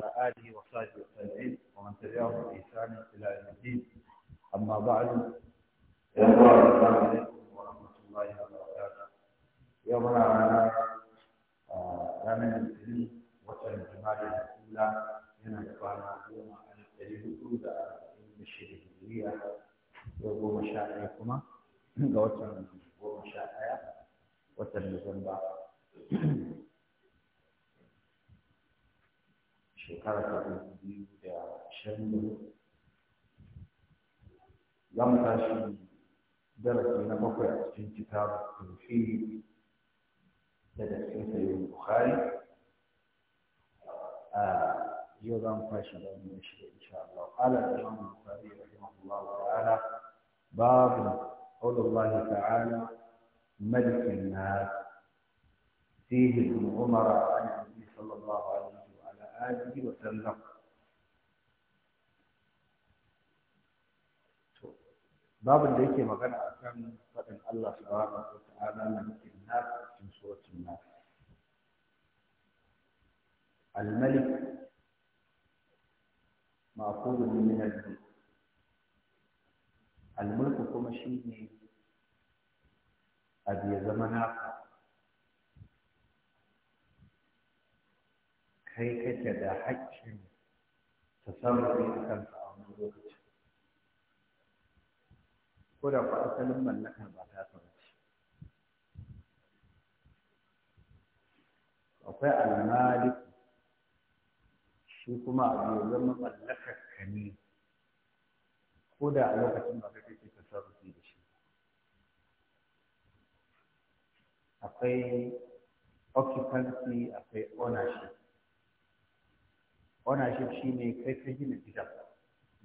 وعلى آله وصحبه وسلم ومن تبعهم بإحسان إلى يوم الدين أما بعد السلام عليكم ورحمة الله وبركاته يومنا على ranar litinin watan jumada da kula yana da kwana goma a ɗari hudu da arba'in da shida hijiriya da ɗaya kuma watan goma شكرا تقديم يا شنو لم تشي درس من مفرد في كتاب التوحيد لدرس سيد البخاري أيضا فاشل أن شاء الله قال الإمام البخاري رحمه الله تعالى باب قول الله تعالى ملك الناس فيه ابن عمر عن النبي صلى الله عليه وسلم babin da yake magana a kan faɗin Allah subhanahu wa ta'ala na cikin na cikin suratul nas al-malik ma'qul min al-mulk al-mulk kuma shi abu ya zama naka kai kake da haƙƙin ta samu a kanta a wani lokaci ko da ku asalin mallakar ba ta samu akwai almalik shi kuma abu ya zama mallakar ka ne ko da a lokacin ba ka kake ta sarrafi da shi akwai occupancy akwai ownership ownership shine kai ka gina gida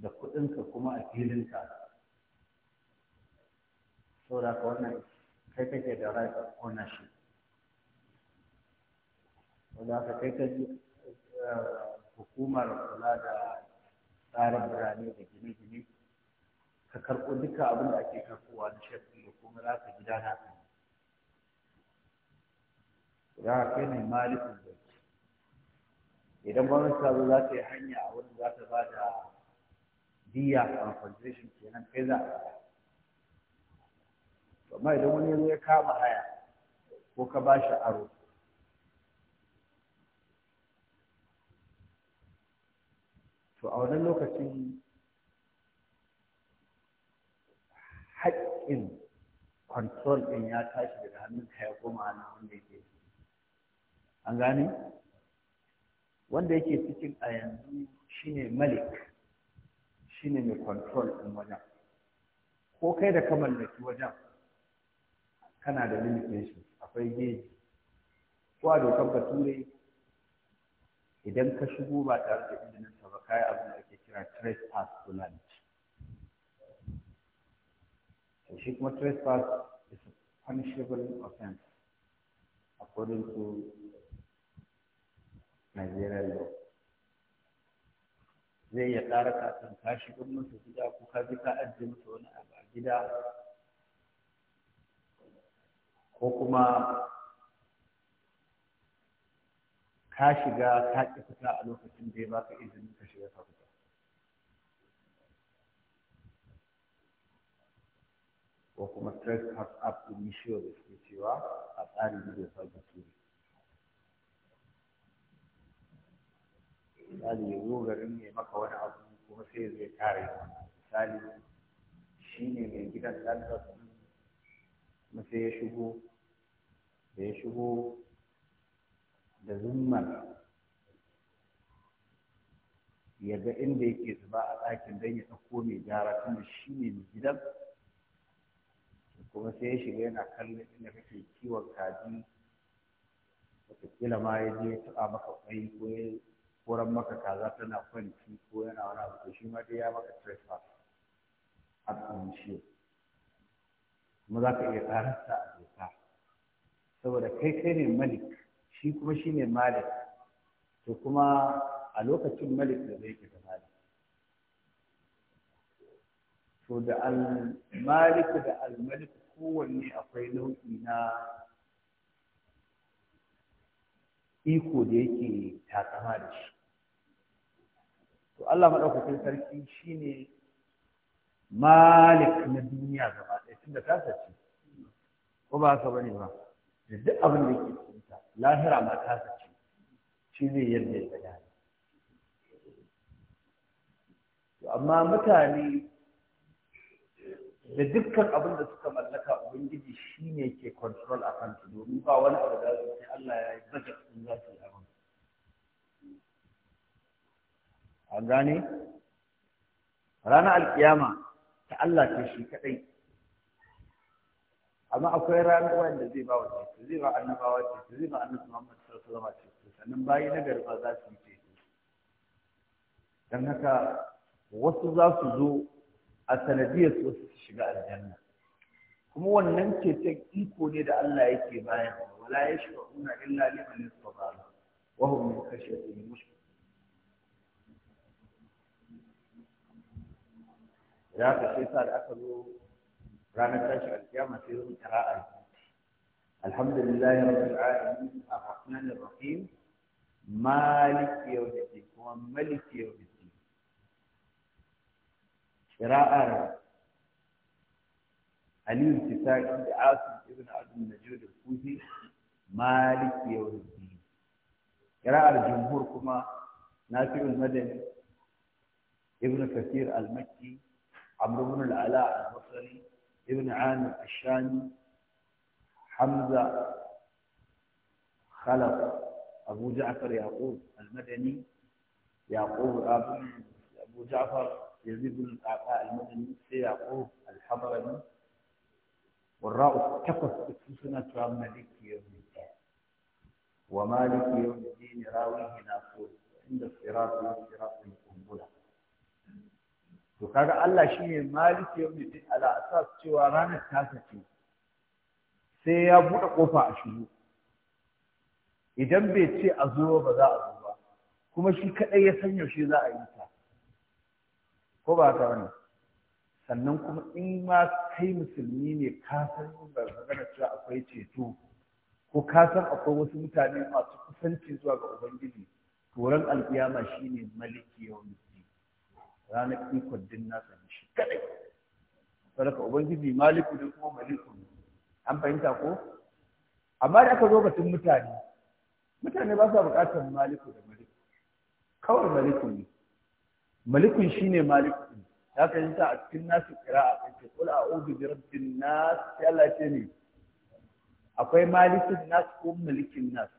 da kuɗinka kuma a filinka da ka wannan kai kake da right of ownership da ka kai ka eh, hukumar kula da tsarin birane da gine-gine ka karɓo duka abin da ake karɓowa na shafi da kuma za ka gida na za ka kai ne malikin da idan gwamnati ta za ta yi hanya a wurin za ta ba da diya compensation kenan kai za a baya amma idan wani ya ya kama haya ko ka ba shi aro to a wannan lokacin haƙƙin control ɗin ya tashi daga hannun kaya ya koma hannun wanda yake an gane wanda yake cikin a yanzu shine malik shine mai kontrol ɗin wajen ko kai da ka mallaki wajen kana da limitation akwai geji ko a dokar bature idan ka shigo ba tare da izinin ba kaya abin da ake kira trespass to land to shi kuma trespass is a punishable offense according to Najeriya yau. zai iya tsara kasan ka shigar musu gida ko ka ji ka ajiye musu wani abu a gida ko kuma ka shiga ka ƙi fita a lokacin da ya baka izinin ka shiga ka fita ko kuma stress has up to issue da cewa a tsarin da ya sa misali ya zo garin mai maka wani abu kuma sai zai kare misali shi ne mai gidan lantarki kuma sai ya shigo da ya shigo da zummar ya ga inda yake zuba a ɗakin don ya ɗauko mai gyara kuma shi ne mai gidan kuma sai ya shiga yana kallon inda kake kiwon kaji wataƙila ma ya je ya taɓa maka ƙwai ko ya koran maka kaza tana kwanci ko yana wani abu to shi ma dai ya maka trespass a shi kuma za ka iya karanta a doka saboda kai kai ne malik shi kuma shi ne malik to kuma a lokacin malik da zai fita malik to da al-malik da al-malik kowanne akwai nau'i na iko da yake takama da shi to Allah madaukakin sarki shine malik na duniya gaba ɗaya tunda ta sace ko ba haka bane ba da duk abin da yake cikin ta lahira ma ta sace shi zai yarda ya gani to amma mutane da dukkan abin da suka mallaka ubangiji ne ke control a su domin ba wani abu da zai Allah ya yi bajar sun za su yi abin a gane ranar alkiyama ta Allah ce shi kadai amma akwai ranar wanda zai ba wa ce zai ba annabawa ce zai ba annabi Muhammad sallallahu alaihi wasallam sannan bayi na garba za su yi ce dan haka wasu za su zo a sanadiyar su wasu su shiga aljanna kuma wannan ceton iko ne da Allah yake bayan, wala yashfa'una illa liman yastata wa hum min khashyatihi mushrik da haka sai sa da aka zo ranar tashi alkiyama sai zo kira'a alhamdulillah rabbil alamin arrahman arrahim malik yawmiddin kuma malik yawmiddin kira'ar Ali Tisaki da Asim ibn Abdul Najud al-Kufi malik yawmiddin kira'ar jumhur kuma Nafi'ul Madani ibn Kathir al-Makki عمرو بن العلاء البصري ابن عامر الشامي حمزة خلف أبو جعفر يعقوب المدني يعقوب آه، أبو جعفر يزيد بن القعقاع المدني يعقوب الحضرمي والراء تقف سنة مالك يوم الدين ومالك يوم الدين راويه ناصور عند الصراط والصراط المستقيم to kaga Allah shi shine maliki yawmiddin ala asas cewa ranar ta tafi, sai ya buɗe kofa a shiru. idan bai ce a zo ba za a zo ba kuma shi kaɗai ya san yaushe za a yi ta ko ba ka wani sannan kuma in ma kai musulmi ne ka san cewa akwai ceto ko ka san akwai wasu mutane masu kusanci zuwa ga ubangiji turan alkiyama shine maliki ne. ranar ikon din nasa ne shi kadai sadaka ubangiji maliku da kuma maliku an fahimta ko amma da aka zo batun mutane mutane ba sa buƙatar maliku da maliku kawai maliku ne malikun shine maliku ne ya ka yanta a cikin nasu kan kace kula a bi rabbin nasu, ya Allah ce ne akwai malikin nasu ko malikin nasu.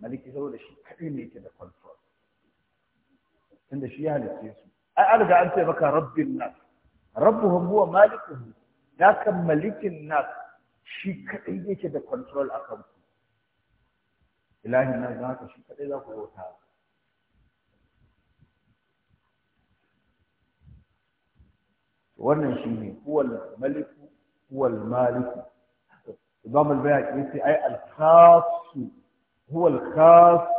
maliki saboda shi kadai ne yake da control tunda shi ya halitta su ai an riga an ce maka rabbin nas rabbuhum huwa malikuhu ya kan malikin nas shi kadai yake da control akan ku ilahin nas za ka shi kadai za ku bauta wannan shine huwal maliku huwal maliku imam al-bayhaqi yace ai al-khas huwa al-khas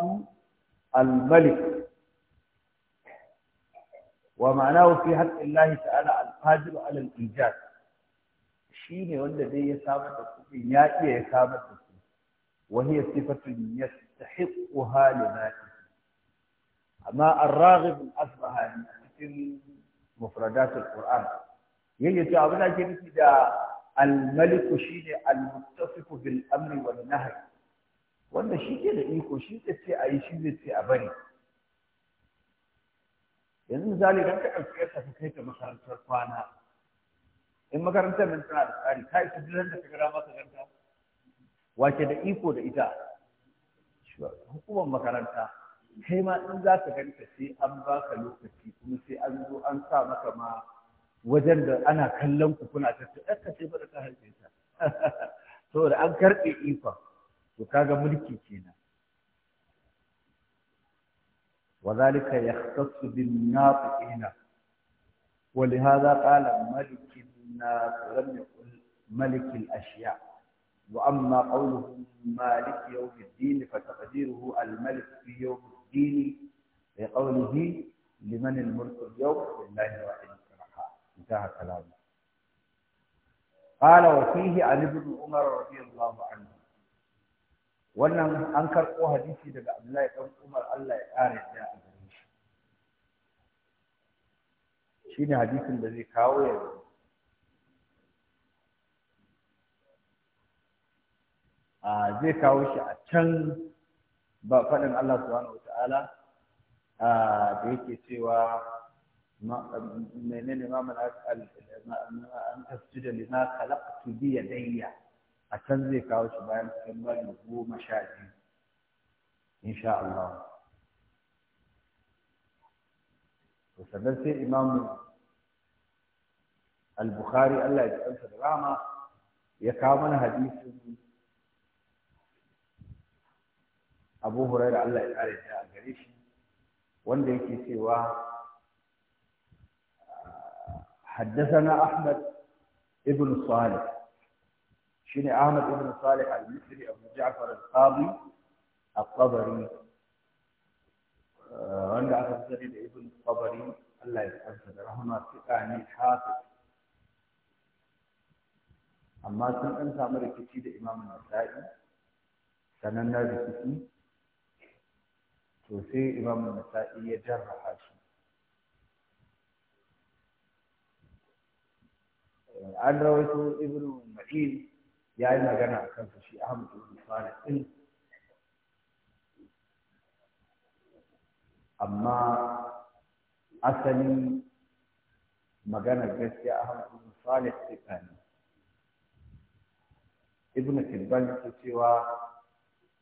al-malik ومعناه في حق الله تعالى القادر على الإنجاز شيني ولا دي يسامة تكون يا إيه يسامة وهي صفة يستحقها لذاته أما الراغب أصبح من مفردات القرآن يجي تعبنا جنس دا الملك شيني المتصف بالأمر والنهي وأن شيء كده إيكو شيء تسي أي شيء تسي أبني yanzu misali don ka ɗauki yadda ka kai ta makarantar kwana in makarantar nan tana da tsari ta isa duk da ka gara maka wace da iko da ita hukumar makaranta kai ma in za ka ganta sai an ba ka lokaci kuma sai an zo an sa maka ma wajen da ana kallon ku kuna tattara ɗan ka sai ba da ka haife ta saboda an karɓe ikon to kaga mulki kenan وذلك يختص بالناطقين ولهذا قال ملك الناس ولم يقل ملك الأشياء وأما قوله مالك يوم الدين فتقديره الملك في يوم الدين لقوله لمن الملك اليوم لله واحد سبحانه انتهى كلامه قال وفيه عن ابن عمر رضي الله عنه wannan an karɓo hadisi daga Abdullahi ɗan Umar Allah ya ƙara yadda a gare shi ne hadisin da zai kawo ya a zai kawo shi a can ba faɗin Allah subhanahu wata'ala da yake cewa menene ma mana an tasjuda lima khalaqtu biya dayya. أكل ذيك أو شبان كمل هو مشاكل إن شاء الله وسبت إمام البخاري ألا يتقل في الرامة يكامل حديث أبو هريرة ألا يتقل في الجريش وان ديكي سوا حدثنا أحمد ابن صالح شنو احمد بن صالح المصري ابو جعفر القاضي الطبري عند أه عبد الجليل ابن الطبري الله يرحمه رحمه الثاني حافظ أما سن أنت أمر كتير إمام النسائي كان النادي كتير توسي إمام النسائي يجرح حاشي آه، عن رويته ابن معين ya yi magana a kansa shi Ahmad ibn Salih din amma asali magana gaskiya Ahmad ibn Salih tsakani Ibn Kilban ke cewa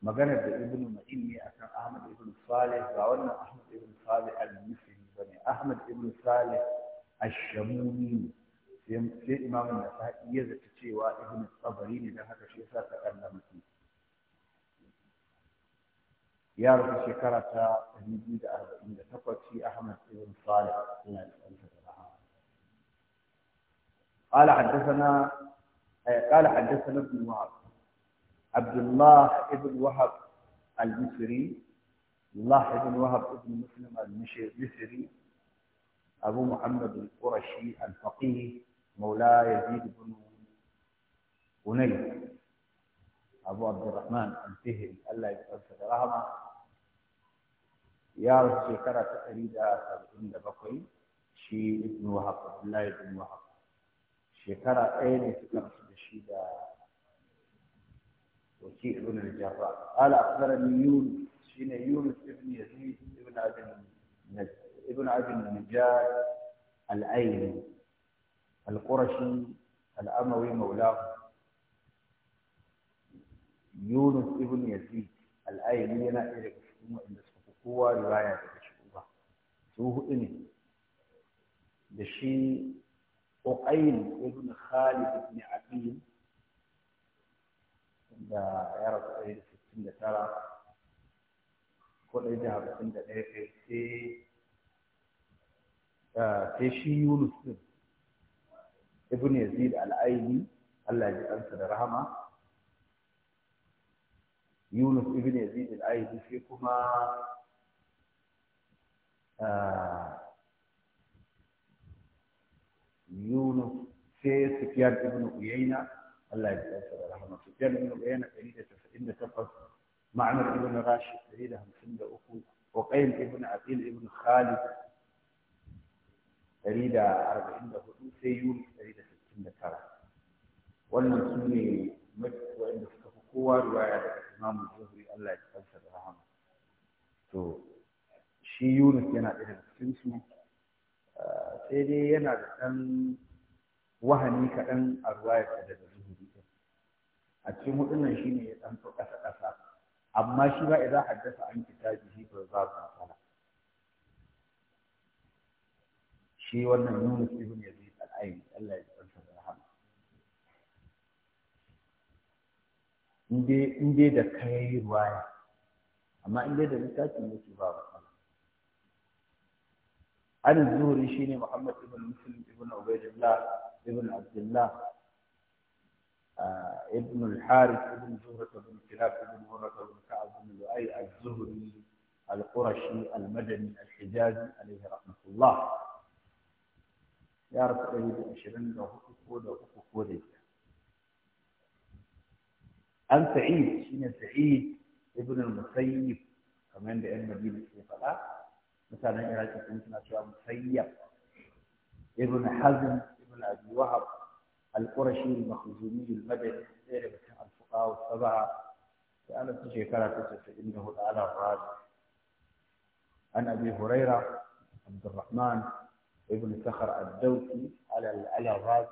maganar da Ibn Ma'in ne akan Ahmad ibn Salih ba wannan Ahmad ibn Salih al-Misri bane Ahmad ibn Salih al-Shamuni sai imamu na sa'i ya zata cewa ibn tsabari ne don haka shi yasa ta kalla mutum ya rufe shekara ta 248 shi ahmad ibn salih yana da ɗansa da rahama قال حدثنا قال حدثنا ابن وهب عبد الله ابن وهب المصري الله ابن وهب ابن مسلم المصري أبو محمد القرشي الفقيه مولاه يزيد بن بني أبو عبد الرحمن الفهري الله يجزاه رحمه يا رب شكرا تقريبا سبعين بقي شي ابن وهب عبد الله بن وهب شكرا أين سكر الشيدا وكيع بن الجراح قال أخبرني يونس شين يونس ابن يزيد ابن عبد ابن عبد النجار الأيلي القرشي الأموي مولاه يونس ابن يزيد الآية إيه اللي أنا أعرف أنه عند قوة رواية تشبه سوه إني دشي أقيل ابن خالد ابن عبيد عند عيارة إيه أريد في السنة ترى كل إذا عند ان في تشي يونس ابن ibn yazid al-aini Allah ya ansa da rahama yunus ibn yazid al-aini shi kuma ah, yunus sai sufyan ibn uyayna Allah ya ansa da rahama sufyan ibn uyayna 198 ma'mar ibn rashid da da hamsin 153 وقيل ابن عقيل ابن Khalid. ɗari da arba'in da hudu sai yuni ɗari da sittin da tara wannan su ne waɗanda suka fi kowa ruwaya daga imamu zuhri allah ya kansa da rahama to shi yunus yana ɗaya daga cikin su ah, sai dai yana da ɗan wahani kaɗan a ruwayarsa daga zuhri a cikin hudunan shi ne ya ɗan fi ƙasa-ƙasa amma shi ba idan haddasa an kitabi shi ba za shi wannan Yunus ibn Yazid al-Aini Allah ya tsanta da rahama inde inde da kai ruwaya amma inde da littafin yake ba matsala an zuhuri shine Muhammad ibn Muslim ibn Ubaydullah ibn Abdullah ابن الحارث بن زهرة بن كلاب بن مرة بن كعب بن لؤي الزهري القرشي المدني الحجازي عليه رحمة الله يعرف أي عشرين أو كود أو كود عن سعيد شين سعيد ابن المسيب كمان بأن مدينة سيفلا مثلا إلى تكون كنا شو مسيب ابن حزم ابن أبي وهب القرشي المخزومي المدني غير مثل الفقهاء السبعة كان تجي كلا تجد فإنه الآن الراجح عن أبي هريرة عبد الرحمن ابن سخر الدوسي على على راس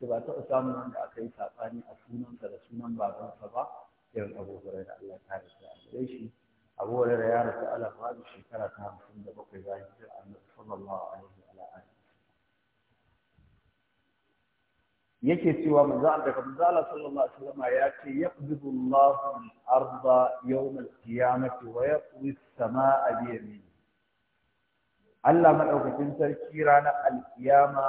سبعه اسامه من اكاي ساباني اسنون سر بعد الصباح سبا ابو هريره الله تعالى ليش ابو هريره يا رسول الله هذه الشكره تام من بقي زايد صلى الله عليه وعلى اله yake cewa manzo Allah daga manzo Allah sallallahu alaihi wasallam ya ce yaqbidu Allahu al-ardha yawm al-qiyamati Allah maɗaukacin sarki ranar alkiyama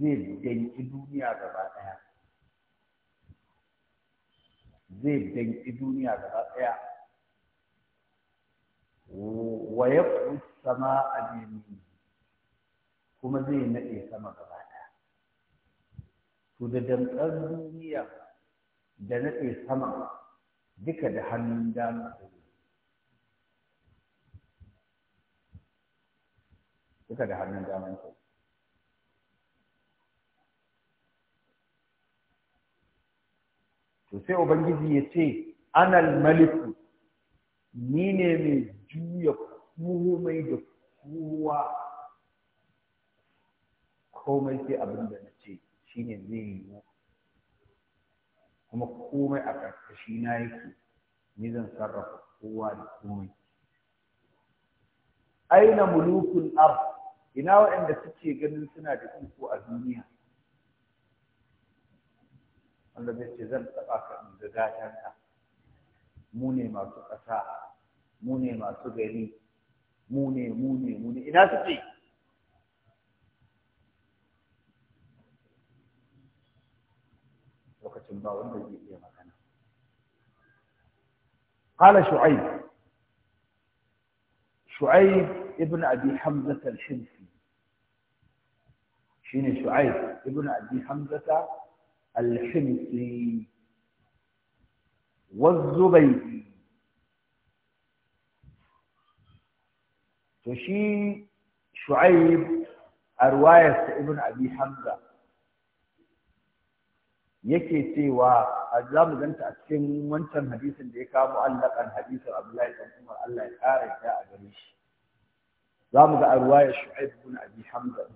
zai danki duniya gaba ɗaya zai danki duniya gaba ɗaya wa ya sama a kuma zai naɗe sama gaba ɗaya to da danƙar duniya da naɗe sama duka da hannun dama suka da hannun daman su to sai ubangiji ya ce anal maliku ni ne mai juya komai da kowa komai sai abin da na ce shi ne zai yi kuma komai a ƙarƙashi na yake ni zan sarrafa kowa da komai aina mulukul ard ina waɗanda suke ganin suna da iko a duniya wanda zai ce zan taɓa ka in ga gatanka mu ne masu ƙasa mu ne masu gari mu ne mu ne mu ne ina suke lokacin ba wanda zai iya magana قال شعيب شعيب ابن أبي حمزة الحمص shine shu'aib ibn abi hamzata al-himsi والزبيدي to shi shu'aib a ibn abi hamza yake cewa a zamu mu ganta a cikin wancan hadisin da ya kawo allakan hadisin abdullahi dan umar Allah ya kare ta a gare shi za mu ga arwayar shu'aib ibn abi hamza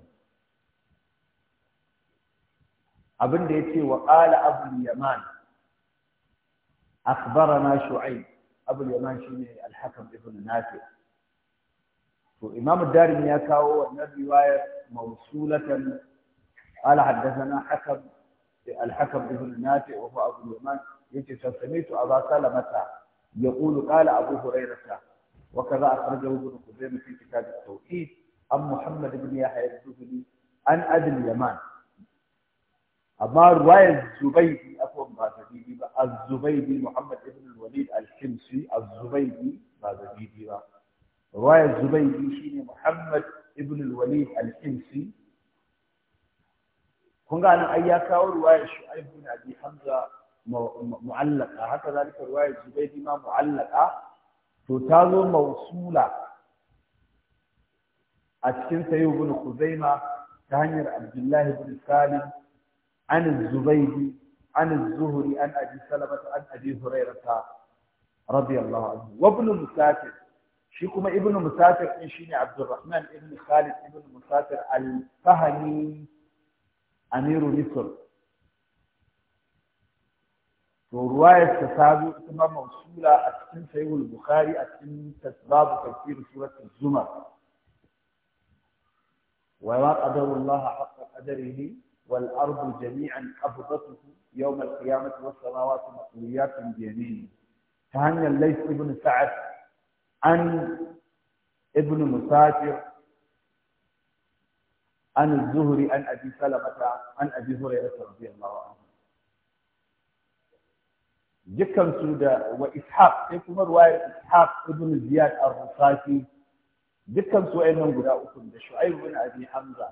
abin da yace wa qala abul yaman akhbarana shu'aib abul yaman shi ne hakam ibn nafi to imam ad-darimi ya kawo wannan riwaya mawsulatan qala haddathana hakam al-hakam ibn nafi wa huwa abul yaman yace sami'tu aba salamata yaqulu qala abu hurairah وكذا أخرجه ابن خزيمة في كتاب التوحيد عن محمد بن يحيى الزهري عن أبي اليمان amma ruwayar zubaidi akwai ba zabidi ba az-zubaidi muhammad ibn al-walid al-himsi az-zubaidi ba zabidi ba ruwayar zubaidi shi ne muhammad ibn al-walid al-himsi kun ga nan ai ya kawo ruwayar shu'aib ibn abi hamza mu'allaqa haka zalika ruwayar zubaidi ma mu'allaka to ta zo mausula a cikin sayyid ibn khuzaima ta hanyar abdullahi ibn salim عن الزبيد عن الزهري عن أبي سلمة عن أبي هريرة رضي الله عنه وابن مسافر شيكم ابن مسافر شيني عبد الرحمن ابن خالد ابن مسافر الفهمي أمير مصر ورواية تسابق كما موصولة أتكن سيد البخاري اسم تسباب تفسير سورة الزمر وما قدر الله حق قدره والأرض جميعا قبضته يوم القيامة والسماوات مقويات بيمين فهن الليث ابن سعد عن ابن مسافر عن الزهري عن أبي سلمة عن أبي هريرة رضي الله عنه جكم سودا وإسحاق يكون رواية إسحاق ابن زياد الرصافي جكم سوئنا وقراءكم بشعيب بن أبي حمزة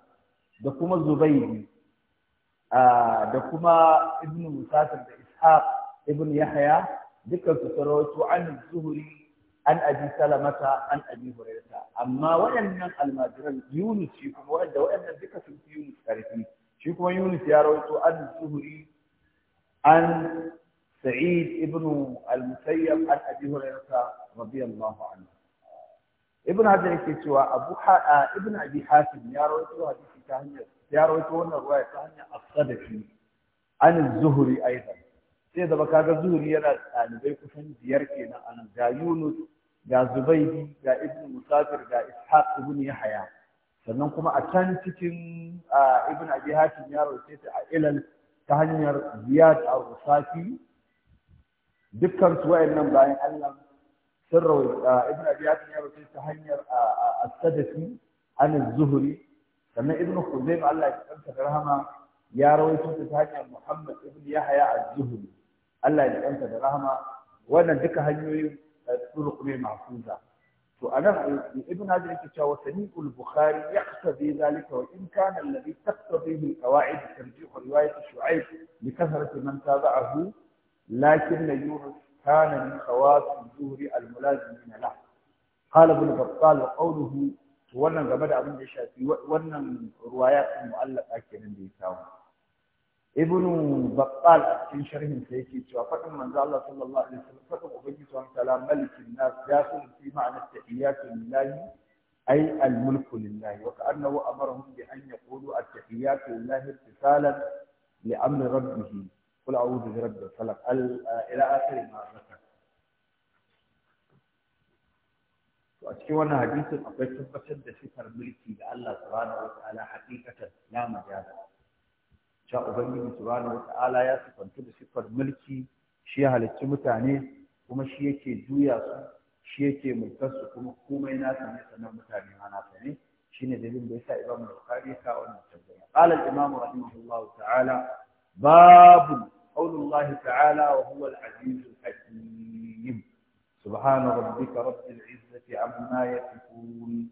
دكما الزبيدي Ah, da kuma ibn musafir da ishaq ibn yahya dukkan su sarautu an zuhuri an abi salamata an abi hurairata amma waɗannan almajiran yunus shi kuma wanda waɗannan duka sun fi yunus karfi shi kuma yunus ya rawaito an zuhuri an sa'id ibn al-musayyab an abi hurairata radiyallahu anhu ibn hajar yake cewa abu ah, ibn abi hatim ya rawaito hadisi ta hanyar ya rawaito wannan ruwaya ta hanyar as-sadafi an zuhuri aidan sai zaba kaga zuhuri yana da ɗalibai kusan biyar kenan anan ga yunus ga zubaidi ga ibn musafir ga ishaq ibn yahya sannan kuma a can cikin ibn abi hatim ya rawaito ta a ilal ta hanyar ziyad ar-rusafi dukkan su wayannan bayan Allah sun rawaita ibn abi hatim ya rawaito ta hanyar as-sadafi an zuhuri sannan ibnu kuzaima Allah ya kanta da rahama ya rawaito ta hanyar Muhammad ibn Yahya az-Zuhri Allah ya kanta da rahama wannan duka hanyoyin eh, turuq ne mahfuza to anan ibn Hajar yake cewa sani'ul Bukhari yaqtadi zalika wa in kana alladhi taqtadihi al-qawa'id tarjih riwayat Shu'aib li kathrati man tabi'ahu lakin Yunus كان من خواص الزهري الملازمين له قال ابن بطال وقوله wannan game da abin da ya shafi wannan ruwaya kan mu'allaka kenan da ya samu. ibnu baqqal a cikin sharhin sa yake cewa fadin manzo Allah sallallahu alaihi wasallam fadin ubangiji wa ta'ala malikin nas ya sun fi ma'anar tahiyatu lillahi ay al-mulku lillahi wa ka'annahu amarahum bi an yaqulu at-tahiyatu lillahi ittisalan li amri rabbih qul a'udhu bi rabbil falaq ila akhir ma a cikin wannan hadisin akwai tabbatar da sifar mulki da Allah subhanahu wata'ala hakikatan la majaza cha ubangiji subhanahu wata'ala ya sifanta da sifar mulki shi ya halicci mutane kuma shi yake juya su shi yake mulkar su kuma komai na ne sannan mutane ma na ne shine dalilin da yasa Imam Bukhari ya kawo wannan tambaya qala al-Imam rahimahullahu ta'ala babu qaulullahi ta'ala wa huwa al-aziz al-hakim subhana rabbika عما يصفون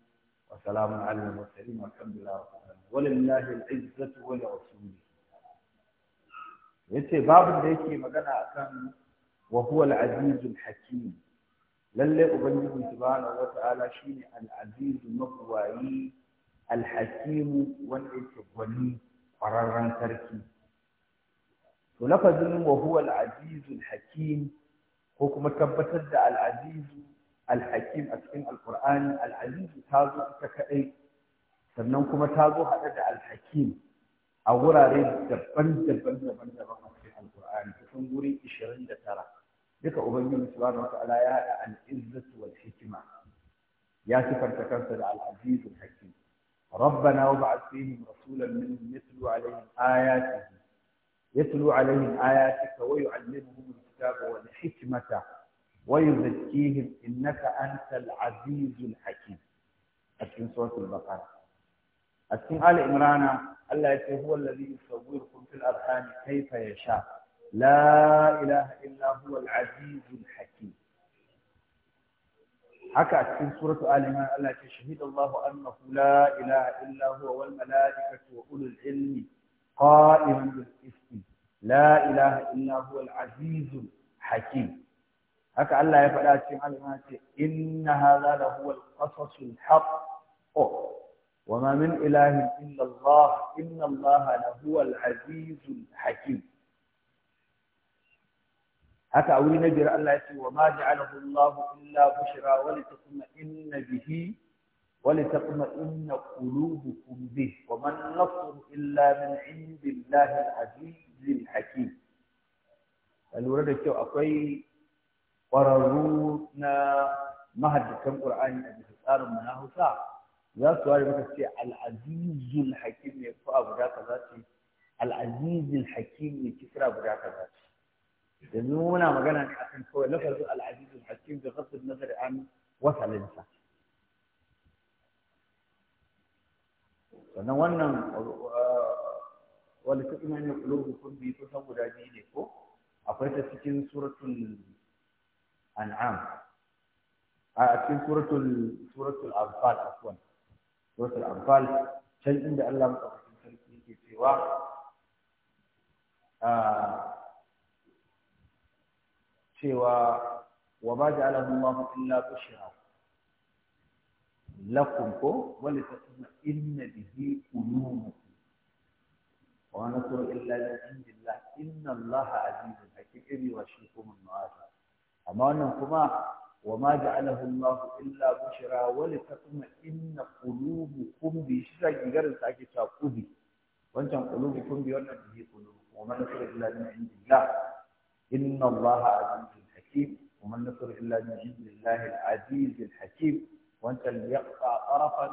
وسلام على المرسلين والحمد لله رب العالمين ولله العزة ولرسوله yace babin da yake magana akan kan huwa al-azizul hakim lalle ubangiji subhanahu wata'ala shine al-aziz maqwayi al-hakim wanda yake gwani kwararren sarki to lafazin wa huwa al hakim ko kuma tabbatar da al alhakim a cikin alkur'ani al'azizu ta zo ita kaɗai sannan kuma ta zo haɗe da alhakim a wurare daban-daban daban-daban a cikin alkur'ani kusan guri ishirin da tara duka ubangiji subhanahu wa ta'ala ya haɗa al'izzatu wal hikima ya sifanta kansa da al'azizu hakim ربنا وابعث فيهم رسولا منهم يتلو عليهم آياته يتلو عليهم آياتك ويعلمهم الكتاب والحكمة ويزكيهم إنك أنت العزيز الحكيم أسكن سورة البقرة أسكن آل إمرانا الله هو الذي يصوركم في الأرحام كيف يشاء لا إله إلا هو العزيز الحكيم حكى أسكن سورة آل إمران الله شهد الله أنه لا إله إلا هو والملائكة وأولو العلم قائما بالقسط لا إله إلا هو العزيز الحكيم haka Allah ya faɗa cikin alima ce inna hadha la huwa al-qasasul haqq wa ma min ilahin illa Allah inna Allah la huwa al-azizul hakim haka a wuri na biyar Allah ya ce wa ma ja'alahu Allah illa bushra wa litatma'inna bihi ولتطمئن قلوبكم به وما النصر إلا من عند الله العزيز الحكيم الورد كيو أقوي ƙwararru na mahaddatan ƙur'ani a bisa tsarin mu na Hausa za su ware maka ce al-azizul hakim ne ko abu da kaza ce al-azizul hakim ne kisra guda kaza ce yanzu muna magana ne akan kawai lafazin al-azizul hakim da ghasb nazar an wasalinsa sannan wannan wani ta ina ne kulobu kun biyu kusan guda biyu ne ko akwai ta cikin suratun an'am a cikin suratul suratul anfal afwan suratul anfal can inda Allah madaukakin sarki yake cewa cewa wa ma ja'alahu Allahu illa bushra lakum ko wal tasma inna bihi qulubukum wa nasru illa min indillah inna Allaha azizun hakim ibi wa shikum an-nasir amma wannan kuma wa ma ja'alahu Allah illa bushra wa li tatma'inna qulubukum bi shira gigarin sa ake cewa qubi wancan qulubukum bi wannan bi qulubukum wa man nasru illa min indillah inna Allah azizun hakim wa man nasru illa min indillah al-aziz al-hakim wancan yaqta tarafan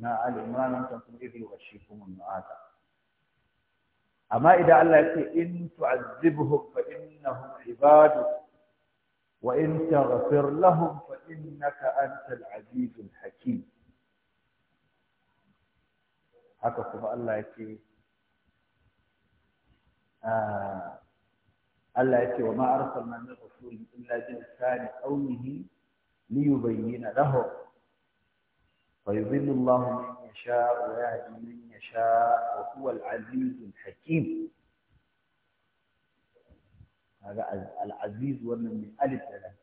na al-imran antum idhi wa shikum an-na'ata amma idan Allah ya ce in tu'azzibhum fa innahum ibaduk وإن تغفر لهم فإنك أنت العزيز الحكيم haka kuma Allah ya ce Allah ya ce wa ma arsalna min rasulin illa ni lisani qawmihi li yubayyana lahum fa yudillu Allah ya yasha wa ya man yasha wa huwa al hakim kaga al-aziz wannan mai alif da lam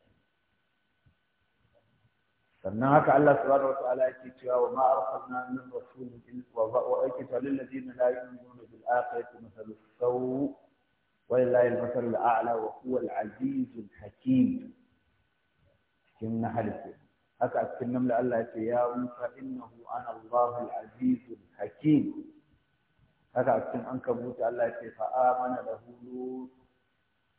sannan haka Allah subhanahu wataala yake cewa wa ma arsalna min rasulin illa wa akita lil ladina la yu'minuna bil akhirati mathalu saw wa lillahi al-mathalu al-a'la wa huwa al-aziz al-hakim cikin nahal haka a cikin namla Allah yake ya musa innahu ana Allahu al-aziz al-hakim haka a cikin an kabuta Allah yake fa amana lahu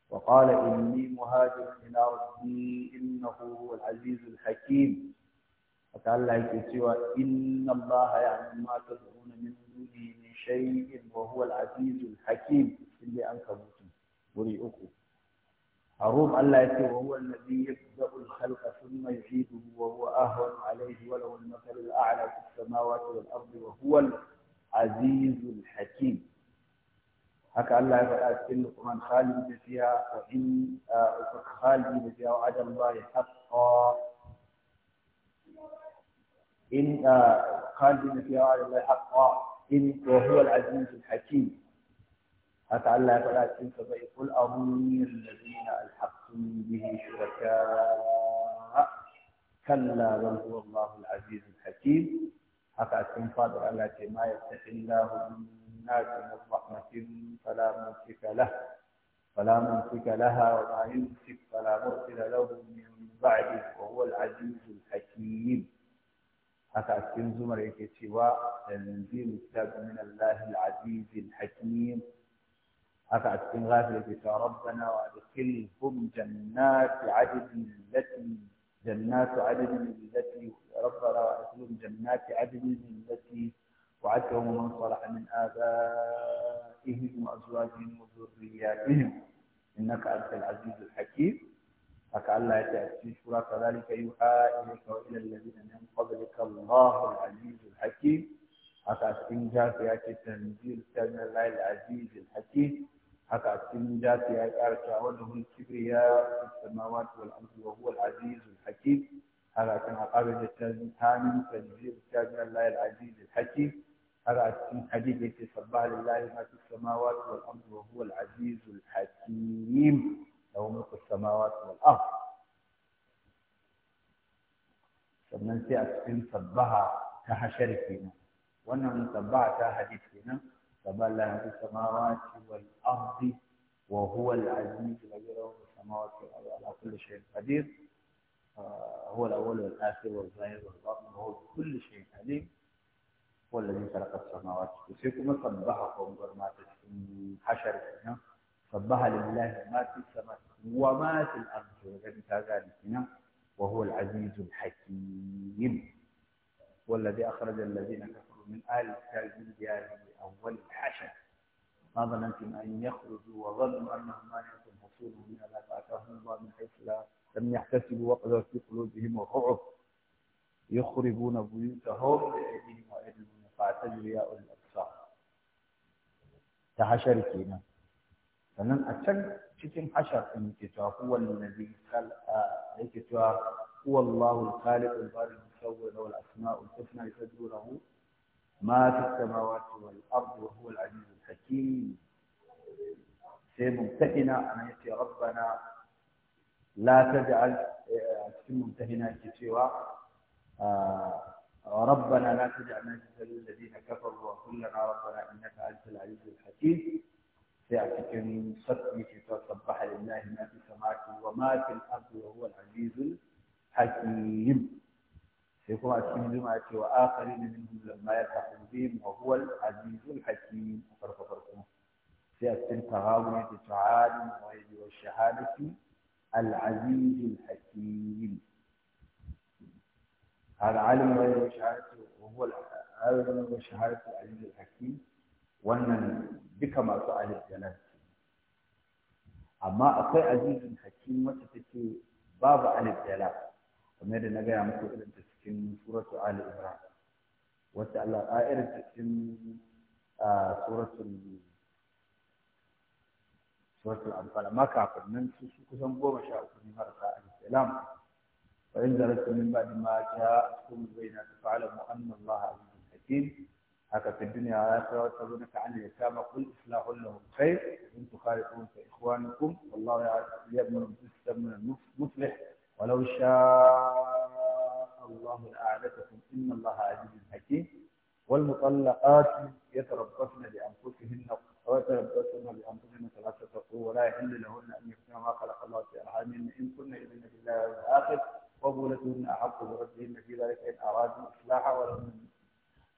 وقال إني مهاجر إلى ربي إنه هو العزيز الحكيم وتعالى سوى إن الله يعلم ما تدعون من دونه من شيء وهو العزيز الحكيم اللي أنكبوت بريئكم الروم الله يسوى وهو الذي يبدأ الخلق ثم يعيده وهو أهون عليه وله المثل الأعلى في السماوات والأرض وهو العزيز الحكيم haka Allah ya faɗa cikin Luqman khalid fiha wa in ah, khalid fiha wa adam Allah ya haqqa in ah, khalid fiha wa adam Allah ya haqqa in wa huwa al-aziz al-hakim haka Allah ya faɗa cikin sa bai kul aruni alladhina alhaqtum bihi shuraka kalla bal huwa Allah al-aziz al-hakim haka cikin fadar Allah ce ma yastahi Allah الناس من رحمة فلا ممسك له فلا ممسك لها وما يمسك فلا مرسل له من بعده وهو العزيز الحكيم حتى أتكلم زمر سواء تنزيل الكتاب من الله العزيز الحكيم حتى أتكلم غافل يكتشوا ربنا وأدخلهم جنات عدد التي جنات عدد التي ربنا وأدخلهم جنات عدد التي وعدهم من صلح من آبائهم وأزواجهم وذرياتهم إنك أنت العزيز الحكيم فكألا يتأتي شورى كذلك يوحى إليك وإلى الذين من قبلك الله العزيز الحكيم حتى استنجا في تنزيل من الله العزيز الحكيم حتى استنجا في أرجع وله الكبرياء في السماوات والأرض وهو العزيز الحكيم هذا كان قابل التهاني تنزيل من الله العزيز الحكيم قرأت من حديث تصبح لله ما في السماوات والأرض وهو العزيز الحكيم له ملك السماوات والأرض فمن سيأت إن صبها تها شركنا وأن من صبها تها حديثنا صبح لله في السماوات والأرض وهو العزيز الغير له السماوات والأرض على كل شيء قدير آه، هو الأول والآخر والظاهر والباطن وهو كل شيء حديث هو الذي خلق السماوات وفيكم صبحكم ما في حشر صبح لله ما في السماء وما في الارض وجد كذلك وهو العزيز الحكيم والذي اخرج الذين كفروا من ال الكتاب من ديارهم لاول الحشر ما ظننتم ان يخرجوا وظنوا انهم مانعتهم حصولهم من الله فاتاهم الله من حيث لا لم يحتسبوا وقذف في قلوبهم الرعب يخربون بيوتهم بايديهم وايدي بعد فاعتزلوا أولي الاكثار تحشر كينا فنن اتشل كتن حشر ان هو الذي خلق هو الله الخالق البارئ المصور والأسماء الاسماء الحسنى يسجد له ما في السماوات والارض وهو العزيز الحكيم سيب امتحنا أنا ياتي ربنا لا تجعل ثم انتهينا الكتوى ربنا لا تجعلنا في الذين كفروا وقل لنا ربنا انك انت العزيز الحكيم سيعتكن صدقي في سبح لله ما في السماوات وما في الارض وهو العزيز الحكيم سيكون من جمعة وآخرين منهم لما يلتحق بهم وهو العزيز الحكيم فرق فرقهم سيأتين تغاوية تعالى وهي والشهادة العزيز الحكيم العالم وشهادته وهو العالم وشهادة العليم الحكيم wannan duka masu alif jalal amma akwai azizin hakim wacce take babu alif jalal kamar da na gaya muku irin ta cikin suratu ali imran wacce Allah a irin cikin suratul suratul anfal amma kafin nan su kusan goma sha uku ne marasa وإن زللتم من بعد ما جاءتكم البينات فاعلموا أن الله عزيز حكيم هكا في الدنيا والآخرة ويسألونك عن اليتامى قل إصلاح لهم خير إن تخالفون فإخوانكم والله يأمر بالسلم المصلح ولو شاء الله لأعنتكم إن الله عزيز حكيم والمطلقات يتربصن بأنفسهن ويتربصن بأنفسهن ثلاثة قوة ولا يحل لهن أن يكون ما خلق الله في أرحامهن إن كن إذن بالله والآخر وبولتهن أحق بردهن في ذلك إن أرادوا إصلاحا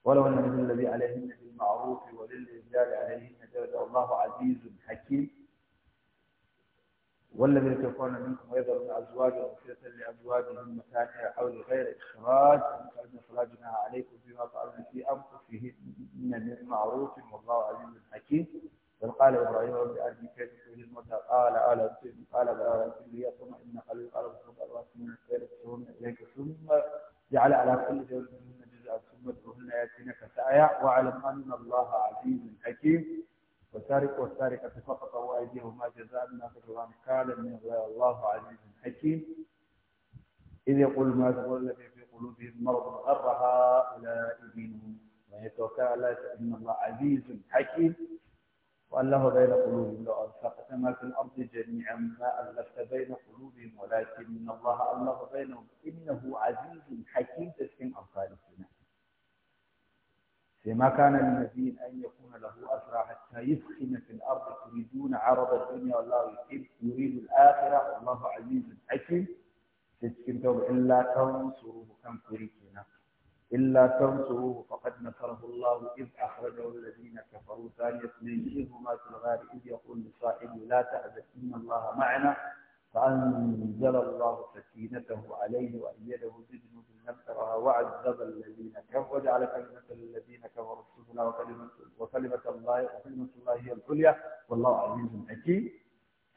ولو أن من الذي عليهن بالمعروف وللرجال عليهن جلد الله عزيز حكيم والذين تكون منكم ويذرون ازواجهم وصية لأزواجهم مكانها حول غير إخراج فإن إخراجنا عليكم بما فعلنا في أنفسهن من معروف والله عزيز حكيم بل قال إبراهيم رب أرني كيف تحيي الموتى قال على قال بلى أبتلي ثم إن قلبي قال ثم الوقت من الخير تشهرن إليك ثم جعل على كل دور منهن جزءا ثم ادعوهن يأتينك سعيا واعلم أن الله عزيز حكيم وسارق والسارقة فقطعوا أيديهما جزاء من أخذ الله قال من الله عزيز حكيم إذ يقول ما تقول الذي في قلوبهم مرض غر هؤلاء دينهم ويتوكل على إن الله عزيز حكيم وألف بين قلوبهم لو أنفقت ما في الأرض جميعا ما ألفت بين قلوبهم ولكن الله ألف بينهم إنه عزيز حكيم تسكن أنفال فيما كان للنبي أن يكون له أسرى حتى يسخن في الأرض تريدون عرض الدنيا والله يحب يريد الآخرة والله عزيز حكيم تسكن إلا تنصروه كم فريقنا إلا تنصروه فقد نصره الله إذ أخرجه الذين كفروا ثاني اثنين إذ هما في الغار إذ يقول لصاحبه لا تحزن إن الله معنا فأنزل الله سكينته عليه وأيده بجنود لم ترها وعذب الذين كفروا وجعل كلمة الذين كفروا السفلى وكلمة وكلمة الله وكلمة الله هي العليا والله عزيز حكيم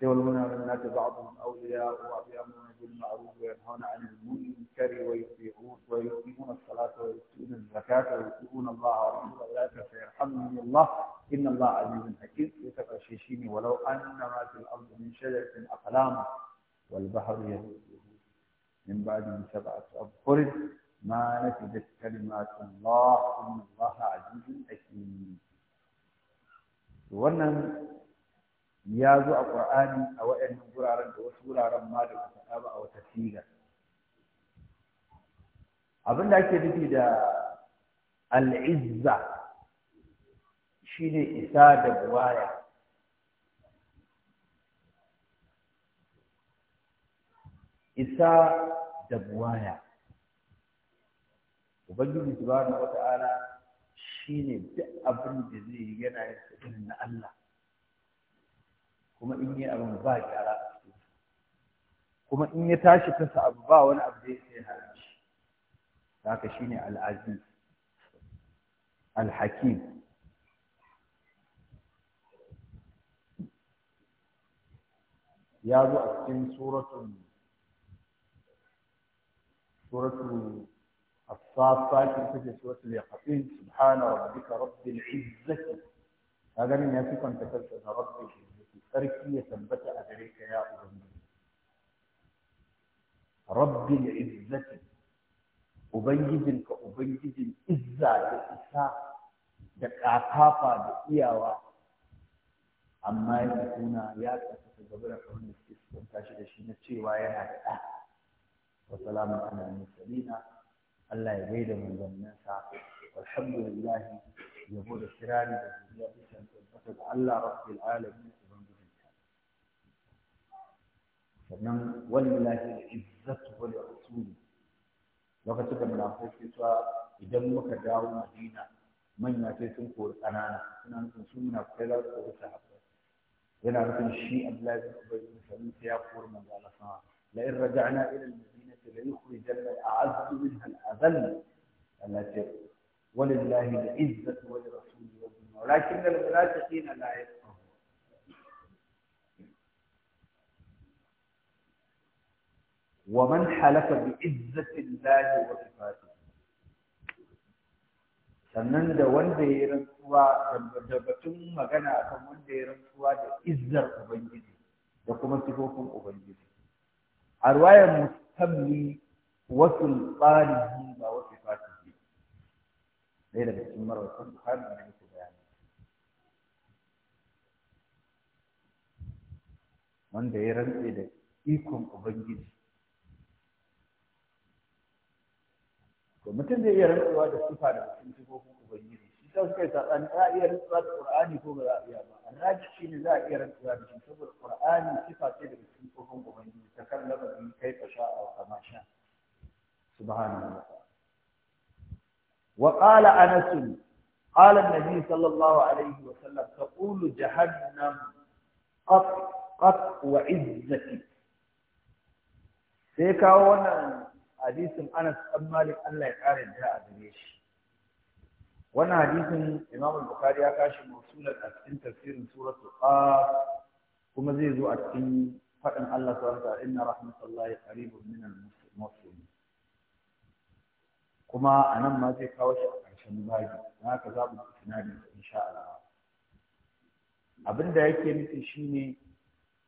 يولون على الناس بعضهم أولياء وبعض يأمرون بالمعروف وينهون عن المنكر ويطيعون ويقيمون الصلاة ويؤتون الزكاة ويطيعون الله ورسوله أولئك سيرحمهم الله إن الله عزيز حكيم يتفشيشيني ولو أن ما في الأرض من شجرة أقلام والبحر يمده من بعد من سبعة أبحر ما نفدت كلمات الله إن الله عزيز حكيم. wannan ya zo a ƙur'ani a waɗannan wuraren da wasu wuraren ma da faɗa ba a wata siga abin da ake nufi da al'izza shine isa da buwaya isa da buwaya ubangiji subhanahu wata'ala shine duk abin da zai yi yana yin irin na Allah kuma in yi abin ba gyara a cikin kuma in ya tashi kansa abu ba wani abu zai sai hana haka shine al-aziz al-hakim ya zo a cikin suratun suratul الصافات تجد سورة اليقظين سبحان ربك رب العزة هذا من يفيق أن تكلت رب العزة تركي يثبت أدريك يا أبني رب العزة أبنجد كأبنجد إزا لإساء كعقافة بإياوة أما يكون يا كتب الزبرة كون نسكس كون تاشد الشينة وسلام على المرسلين الله يغيد من الناس والحمد لله يقول السراري بسم الله الله رب العالمين sannan wallahi izzatu wal rasuli lokacin da munafikai ke cewa idan muka dawo Madina manya sai sun kori ƙanana suna nufin su munafikai za su kori sahabbai yana nufin shi Abdullahi bin Ubay bin Salul sai ya kori manzo Allah sama la in raja'na ila al-madinati la yukhrijanna al-a'azz minha al-adhall Allah ce walillahi al-izzatu wal rasuli walakin al-munafiqina la yastati'un wa man halaka الله وصفاته sannan da wanda ya rantsuwa da batun magana akan wanda ya rantsuwa da izzar ubangiji da kuma sifofin ubangiji a ruwayar musamman wasu tsarihi ba wasu fatihi ɗaya daga cikin marar bukari da yake bayani wanda ya rantse da ikon ubangiji to mutum zai iya rantsuwa da sifa da cikin sifofin ubangiji shi ta suka yi saɓani za a iya rantsuwa da qur'ani ko ba za a iya ba alhaji shi ne za a iya rantsuwa da shi saboda qur'ani sifa ce daga cikin sifofin ubangiji ta kan lamarin kai ka sha a kama sha subhanahu wa ta'ala wa qala anas قال النبي صلى الله عليه وسلم تقول جهنم قط قط وعزتي sai kawo wannan hadisin Anas ɗan Malik Allah ya ƙara da a gare shi. Wannan hadisin Imam Bukhari ya kashi mausulan a cikin tafsirin suratul Qaf kuma zai zo a cikin faɗin Allah subhanahu wa ta'ala inna rahmatullahi qaribun minal muslimin. Kuma a nan ma zai kawo shi a ƙarshen babi, na haka za mu tunani insha Allah. Abin da yake nufi shine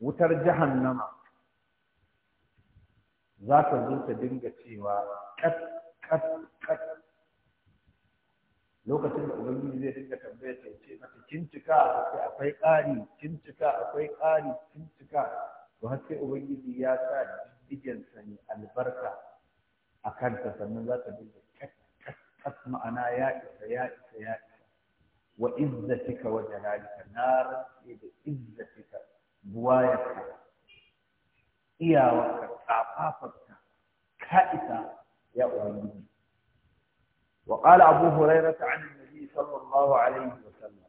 wutar jahannama za ka zo ta dinga cewa kat kat kat lokacin da ubangiji zai dinga tambaya ta ce mata kin cika sai akwai ƙari kin akwai ƙari kin to har sai ubangiji ya sa diddigen sa ne albarka a kanta sannan za ta dinga kat kat kat ma'ana ya isa ya isa ya isa wa izzatika wa jalalika na rantsi da izzatika buwayarka iyawarka tsafafarka ka isa ya ubangiji wa qala abu ta an nabi sallallahu alaihi wa sallam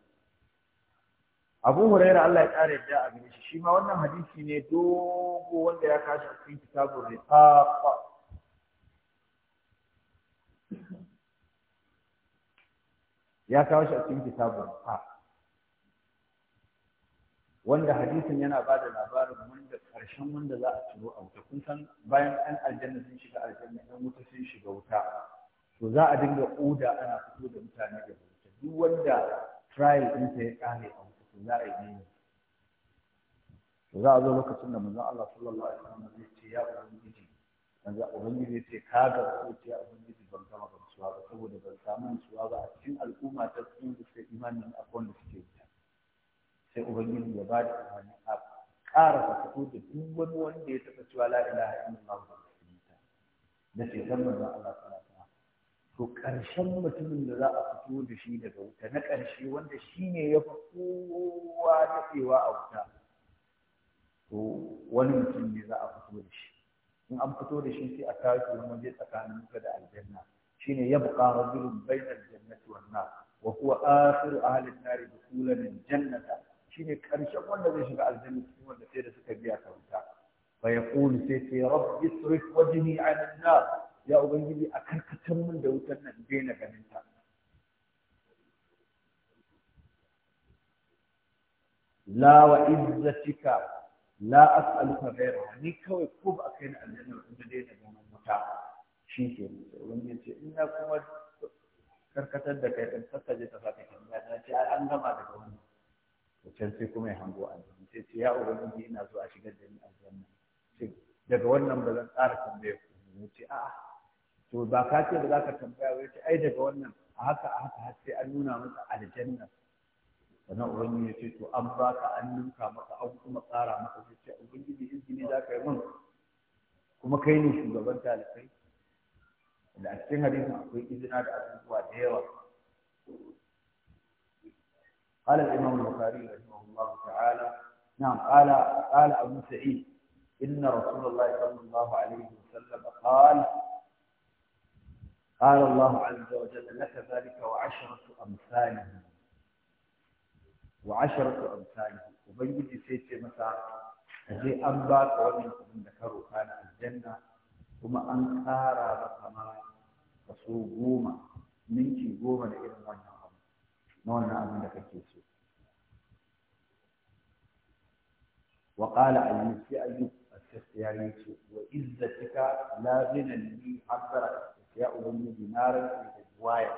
abu huraira Allah ya kare da a gare shi shi ma wannan hadisi ne dogo wanda ya kashi a cikin kitabul riqaq ya kawo shi a cikin kitabul riqaq wanda hadisin yana bada labarin ƙarshen wanda za a turo a wuta kun san bayan an aljanna sun shiga aljanna ɗan wuta sun shiga wuta to za a dinga oda ana fito da mutane da wuta duk wanda trial ɗinsa ya kare a wuta to za a yi ne to za a zo lokacin da manzon Allah sallallahu alaihi wasallam zai ce ya ubangiji manzon ubangiji zai ce ka ga ko ce ubangiji ban gama ba saboda ban samu nutsuwa ba a cikin al'umma ta cikin da imanin imani wanda suke wuta sai ubangiji ya ba da umarni a ƙara fito da duk wani wanda ya taɓa cewa la ilaha illallah ba ta da ce zan manzon Allah sallallahu alaihi wasallam to ƙarshen mutumin da za a fito da shi daga wuta na ƙarshe wanda shi ne ya fi kowa daɗewa a wuta to wani mutum ne za a fito da shi in an fito da shi sai a kawo wani waje tsakanin ka da aljanna shine yabqa rajulun bainal jannati wan nar wa huwa akhiru ahli isrif wajhi an nar ya ubangiji a karkatar min da wutar nan daina ganin ta la wa izzatika la ni kawai ko ba kai na aljanna inda daina ganin wuta shi ke ubangiji ce ina kuma karkatar da kai ɗin sassaje ta sake tambaya ta ce an gama daga wannan to can sai kuma ya hango aljanna sai ce ya ubangiji ina so a shigar da ni aljanna sai daga wannan ba zan ƙara tambaya ku ya ce a to ba ka ce ba za ka tambaya ba ce ai daga wannan a haka a haka har sai an nuna masa aljanna sannan ubangiji ya ce to an ba ka an ninka maka an kuma tsara maka ya ce ubangiji izini za ka yi min kuma kai ne shugaban talibai da a cikin hadisin akwai izina da abubuwa da yawa قال الإمام البخاري رحمه الله تعالى نعم قال قال أبو سعيد إن رسول الله صلى الله عليه وسلم قال قال الله عز وجل لك ذلك وعشرة أمثاله وعشرة أمثاله وبيجي سيتي مثلا أجي أمبار ومن ذكروا كان الجنة ثم أنكار رقما رسول قوما منك قوما لإلى وانا نونا أمن لك وقال أيوب في أيوب واذا تكا لا غنى لي عبر استخياء بني دينارا في الزوايا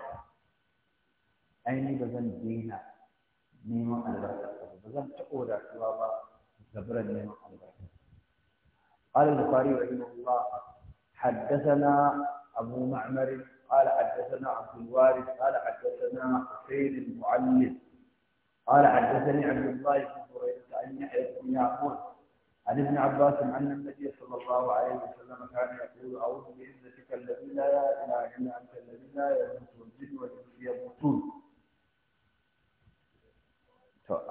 أيني بزن دينا نيمة البركة بزن تقول سوى زبرا نيمة البركة قال البخاري رحمه الله حدثنا أبو معمر قال حدثنا عبد الوارث قال حدثنا حسين المعلم قال حدثني عبد الله بن هريره عن يحيى بن يعقوب عن ابن عباس عن النبي صلى الله عليه وسلم كان يقول اعوذ بعزتك الذي لا اله الا انت الذي لا يموت والجن والانس يموتون.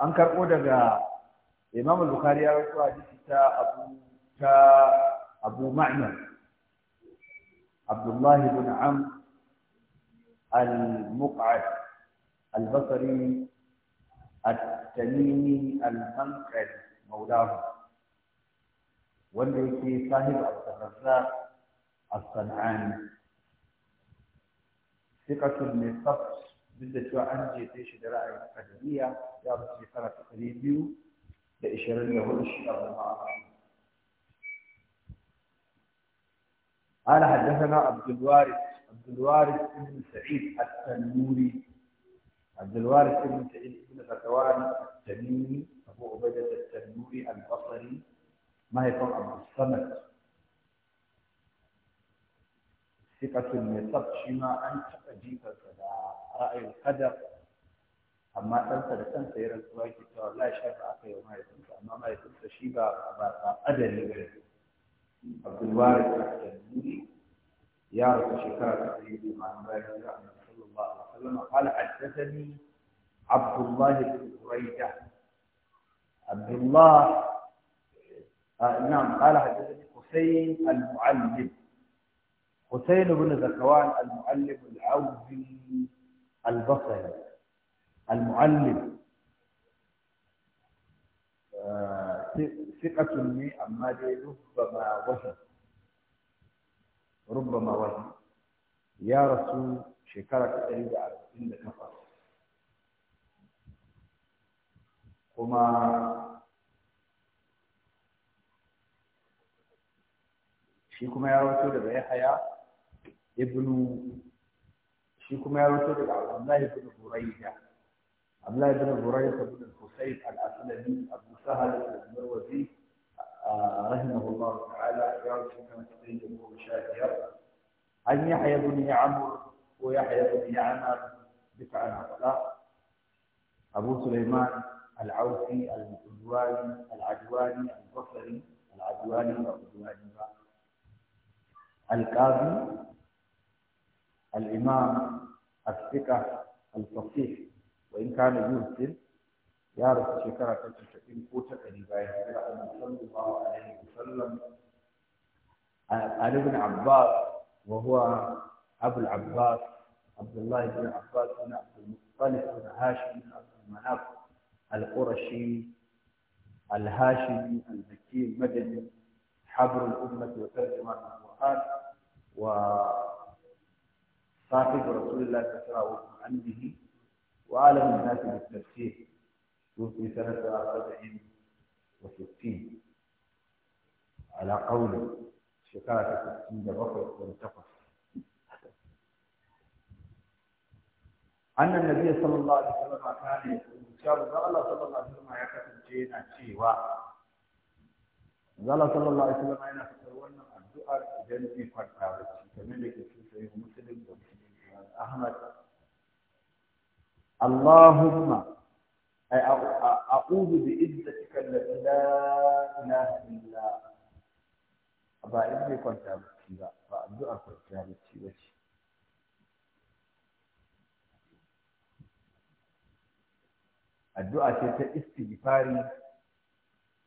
انكر كان ودغا امام البخاري يقول حديث ابو تا ابو معمر عبد الله بن عم المقعد البصري التميمي المنقذ مولاه wanda yake sahib al-razzaq as sanan thiqatun min sabt duk da cewa an je ta shi da ra'ayin kadiriya ya rasu shekara ta ɗari biyu da ishirin da hudu shi abu ma'ana قال حدثنا عبد الوارث عبد الوارث بن سعيد التنوري عبد الوارث بن سعيد بن غزوان التميمي ابو عبيده التنوري البصري mahaifin abu samad sikatun mai tsab shi ma an taɓa jikarsa da ra'ayin kadar amma ɗansa da kansa ya rantsuwa ke cewa la shafa aka yi mahaifinsa amma mahaifinsa shi ba ba adali ba abdulwari al ya rasu shekara ta ɗari biyu ma'an bayan da annabi sallallahu alaihi wasallam qala haddathani abdullahi bin quraida abdullah آه، نعم قال حدثني حسين المعلم حسين بن زكوان المعلم العوزي البصري المعلم آه، ثقة لي أما دي ربما وهم ربما وهم يا رسول شكرك تريد على كل نفس shi kuma ya rawaito daga Yahya ibnu shi kuma ya rawaito daga Abdullah ibn Burayda Abdullah ibn Burayda ibn Husayb al-Aslami Abu Sahal al-Marwazi rahimahullah ta'ala ya rawaito kan sayyid Abu Shahiyar an Yahya ibn Amr wa Yahya ibn Amr بفعل عقلاء أبو سليمان العوفي العدواني العدواني البصري العدواني العدواني القاضي الإمام الثقة الفصيح وإن كان يرسل يعرف رب شكرا تتشكين قوتا قريبا يحضر أن صلى الله عليه وسلم علي ابن عباس وهو أبو العباس عبد الله بن عباس بن عبد المطلب بن هاشم بن عبد المناف القرشي الهاشمي المكي المدني حبر الأمة وترجمان وأصحاب وصاحب رسول الله صلى الله عليه وسلم عنه وعالم الناس بالتفسير توفي سنة سبع وستين على قول شكاة ستين بقر وانتقص أن النبي صلى الله عليه وسلم كان يقول إن شاء الله صلى الله عليه وسلم يكتب جينا شيوا zala sallallahu alaihi wasallam yana fitar wannan addu'ar idan zai kwanta bacci game da ke sun sayi musulun da musulun Ahmad Allahumma ay a'udhu bi izzatika allati la ilaha illa ba in zai kwanta bacci ba ba addu'ar kwanta bacci ba ce addu'a ce ta istighfari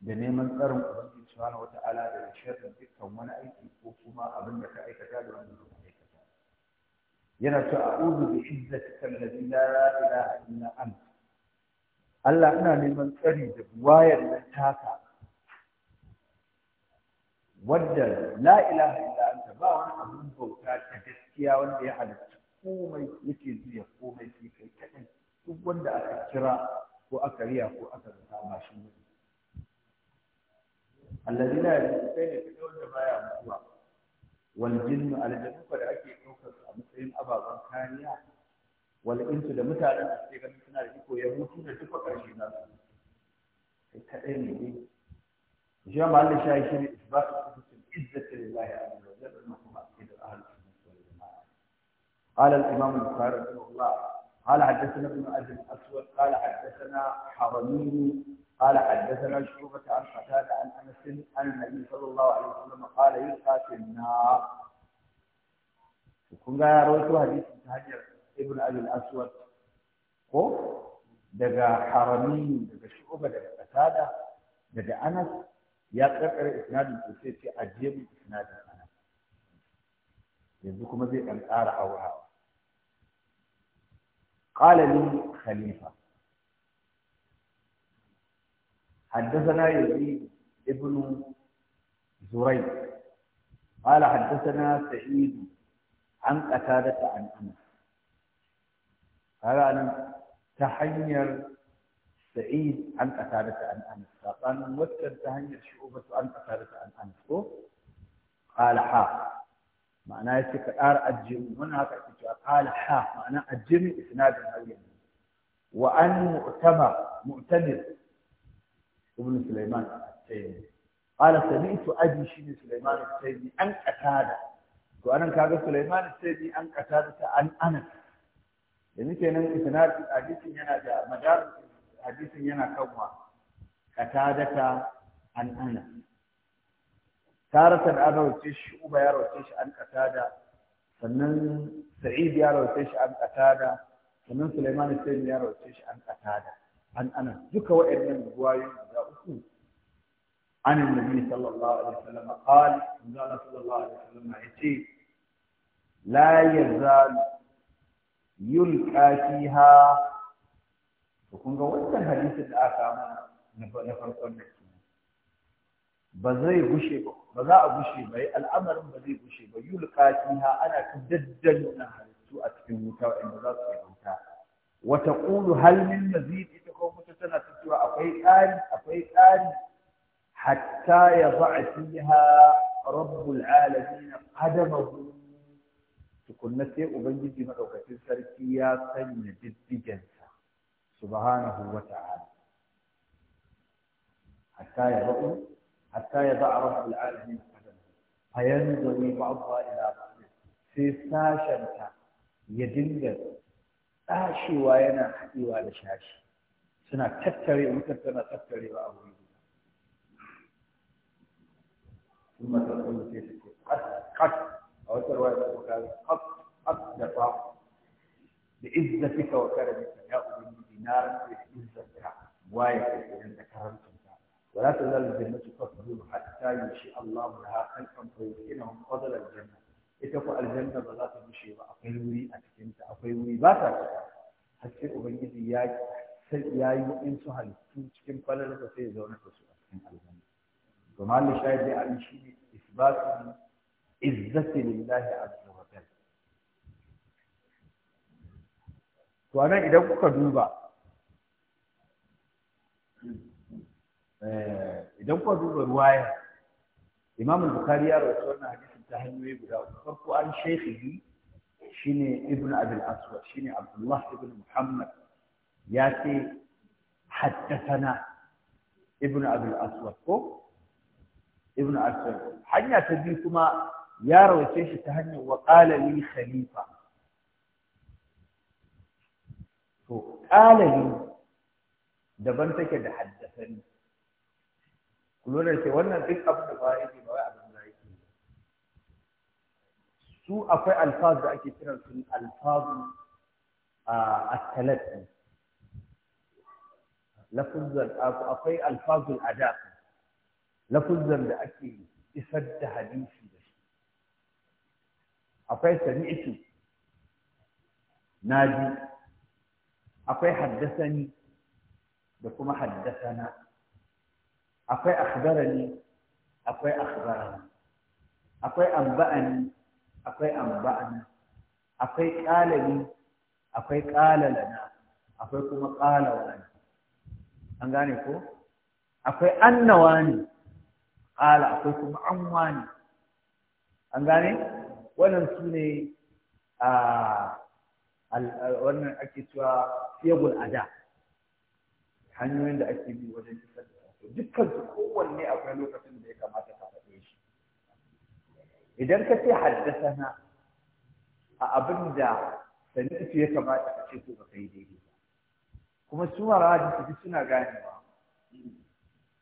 da neman tsarin ubangiji subhanahu wata'ala da sharrin dukkan wani aiki ko kuma abin da ka aikata da wanda ka aikata yana cewa a'udhu bi izzatika allazi la ilaha illa anta Allah ina neman tsari da buwayar nan taka wadda la ilaha illa ba wani abin bauta ta gaskiya wanda ya halarci komai yake zuya komai sai kai kaɗai duk wanda aka kira ko aka riya ko aka zama shi ne allazi la sai ne kaga wanda baya mutuwa wal jinnu aljannu da ake daukar a matsayin ababen kariya wal insu da mutanen da suke ganin suna da iko ya mutu da duka karshe na su sai kadai ne dai shi ma Allah shi su ne isbatu sifatin izzati lillahi azza wa jalla na kuma aqidar da sunnah wal jamaa قال الامام البخاري رحمه الله قال حدثنا ابن ابي الاسود قال حدثنا حرمي قال حدثنا الشعوبة عن قتادة عن أنس عن النبي صلى الله عليه وسلم قال يلقى في النار كنا رويت حديث هجر ابن أبي الأسود هو دقى حرمين دقى شعوبة دقى قتادة دقى أنس يا يقرر إسناد الكسير في أجيب إسناد أنس يبدو كما أن أن أرعى قال لي خليفة حدثنا يزيد ابن زريق قال حدثنا سعيد عن قتادة عن أنس قال أنا تحير سعيد عن قتادة عن أنس فقال وكر تحير شعوبة عن قتادة عن أنس قال حا معناه استقرار الجمع هنا قال حا معناه الجمع إسناد الأولين وأن مؤتمر مؤتمر ibn Sulaiman at-Taymi eh. qala sami'tu abi shine Sulaiman at-Taymi an qatada to anan kaga Sulaiman at-Taymi an qatada ta an anas yanzu kenan isnad hadisin yana da madar hadisin yana kanwa qatadata an anas taratan an rawace shi uba ya rawace shi an qatada sannan sa'id ya rawace shi an qatada sannan Sulaiman at-Taymi ya rawace shi an qatada an ana duka waɗannan ruwayoyi guda uku an annabi sallallahu alaihi wasallam qal qala sallallahu alaihi wasallam yace la yazal yulqa fiha to kun ga wannan hadisin da aka mana na farkon da ba zai gushe ba ba za a gushe ba al'amarin ba zai gushe ba yulqa fiha ana ta na halittu a cikin wuta wanda za su yi wuta وتقول هل من مزيد تقوم متسنة تسوى أفيدان أفيدان حتى يضع فيها رب العالمين قدمه تكون نسي أبنجد ملوكة سرسية جد جنسة سبحانه وتعالى حتى يضع حتى يضع رب العالمين قدمه فينظر بعضها إلى بعض سيستاشرك يدنجد tashewa yana haɗewa da shashi suna tattare mutum tana tattarewa a wuri ثم تقول في سكوت قد قد أو تروي تقول قد قد دفع بعزتك وكرمك يا أبني دينار بعزتك وايك عند كرمتك ولا تزال الجنة تفضل حتى ينشئ الله لها خلقا فيمكنهم فضل الجنة ita ku aljanna ba za ta bushe ba akwai wuri a cikinta akwai wuri ba ta cika har sai ubangiji ya ya yi su halittu cikin da sai ya zauna da su a cikin aljanna to mahallin shahid da an shi ne isbatu izzati lillahi azza wa jalla to anan idan kuka duba eh, idan kuka duba ruwaya imam bukhari ya rawaito wannan hadisi تهنوي بلا وخرق وعن شيخه شيني ابن أبي الأسود شيني عبد الله ابن محمد ياتي حدثنا ابن أبي الأسود ابن أسود حنيا تديكما يا روي شيخ تهني وقال لي خليفة قال لي دبنتك حدثني كلنا سوى لنا ذيك أبو الغائب su akwai alfaz da ake kiran su alfazu a talat lafuzan akwai alfazul ada lafuzar da ake isar da hadisi da shi akwai na naji akwai haddasani da kuma haddasana akwai akhbarani akwai akhbarani akwai amba'ani akwai amba'ana akwai ƙalali akwai ƙalalana akwai kuma ƙalawani an gane ko akwai annawani ƙala akwai kuma anwani an gane wannan su ne a wannan ake cewa a ada hanyoyin da ake bi wajen isar da dukkan su kowanne akwai lokacin da ya kamata ka idan ka ce na a abin da sani'atu ya kamata a ce ko ba kai daidai ba kuma su mara su suna ganewa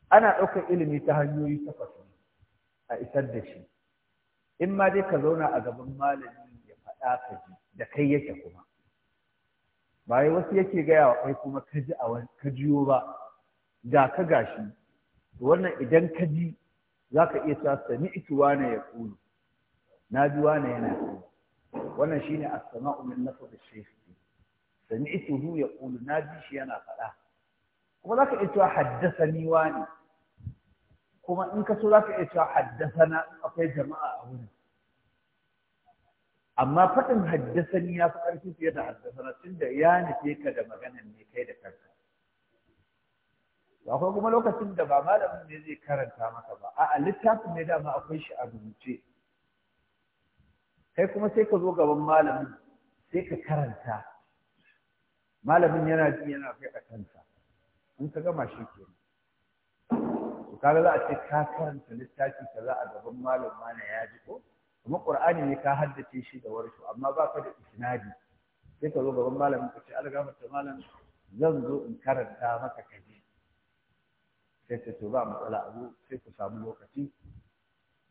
ana ɗaukar ilimi ta hanyoyi takwas a isar da shi in ma dai ka zauna a gaban malami ya faɗa ka ji da kai yake kuma ba wasu yake gaya wa kai kuma ka ji a ka jiyo ba ga ka gashi wannan idan ka ji za ka iya sa ituwa na ya kulu na ji wane yana wannan shine as-sama'u min lafz ash-shaykh sami'tuhu yaqulu na ji shi yana faɗa kuma zaka iya cewa haddathani wani kuma in ka so zaka iya cewa haddathana akwai jama'a a wurin amma faɗin haddasani ya fi karfi fiye da haddasana tun da ya nufe ka da maganan ne kai da kanka akwai kuma lokacin da ba malamin ne zai karanta maka ba a littafin ne dama akwai shi a rubuce kai kuma sai ka zo gaban malamin sai ka karanta malamin yana ji yana kai a kansa in ka gama shi ke to kaga za a ce ka karanta littafi za a gaban malam na ya ji ko kuma qur'ani ne ka haddace shi da warshu amma ba ka da isnadi sai ka zo gaban malamin ka ce ta malam zan zo in karanta maka kaje sai ce to ba matsala a zo sai ku samu lokaci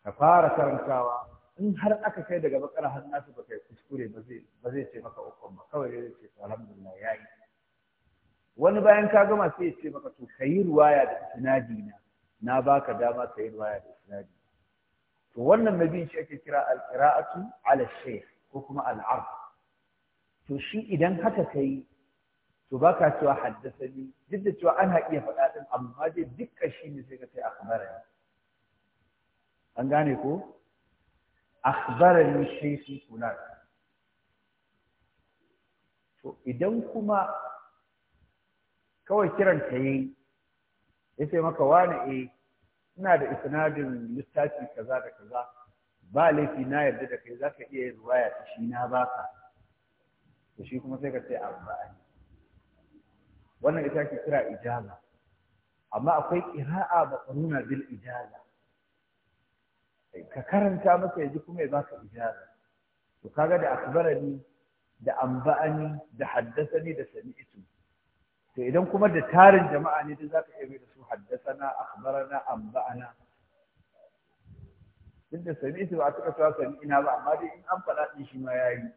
ka fara karantawa in har aka kai daga bakar har nasu ba kai kuskure ba zai ba zai ce maka ukun ba kawai zai ce alhamdulillah yayi wani bayan ka gama sai ya ce maka to kayi ruwaya da isnadi na na baka dama kayi ruwaya da isnadi to wannan nabi shi ake kira Alkiraatu, qiraatu ala shaykh ko kuma al to shi idan haka kai to baka cewa haddasani duk da cewa ana iya faɗa din amma dai dukkan shi ne sai ka sai akhbarani an gane ko akhbarani shaykhi fulan to idan kuma kawai kiran ta yi yace maka wani eh ina da isnadin littafi kaza da kaza ba laifi na yarda da kai zaka iya yin ruwaya ta shi na baka to shi kuma sai ka ce amma wannan ita ke kira ijaza amma akwai qira'a ba qanuna bil ijaza ka karanta masa ya ji kuma ya baka ijaza to kaga da akbarani da amba'ani da haddasani da sami'tu to idan kuma da tarin jama'a ne da zaka iya da su haddasana akbarana amba'ana duk da sami'tu ba ta kawo sami'ina ba amma dai in an fara din shi ma yayi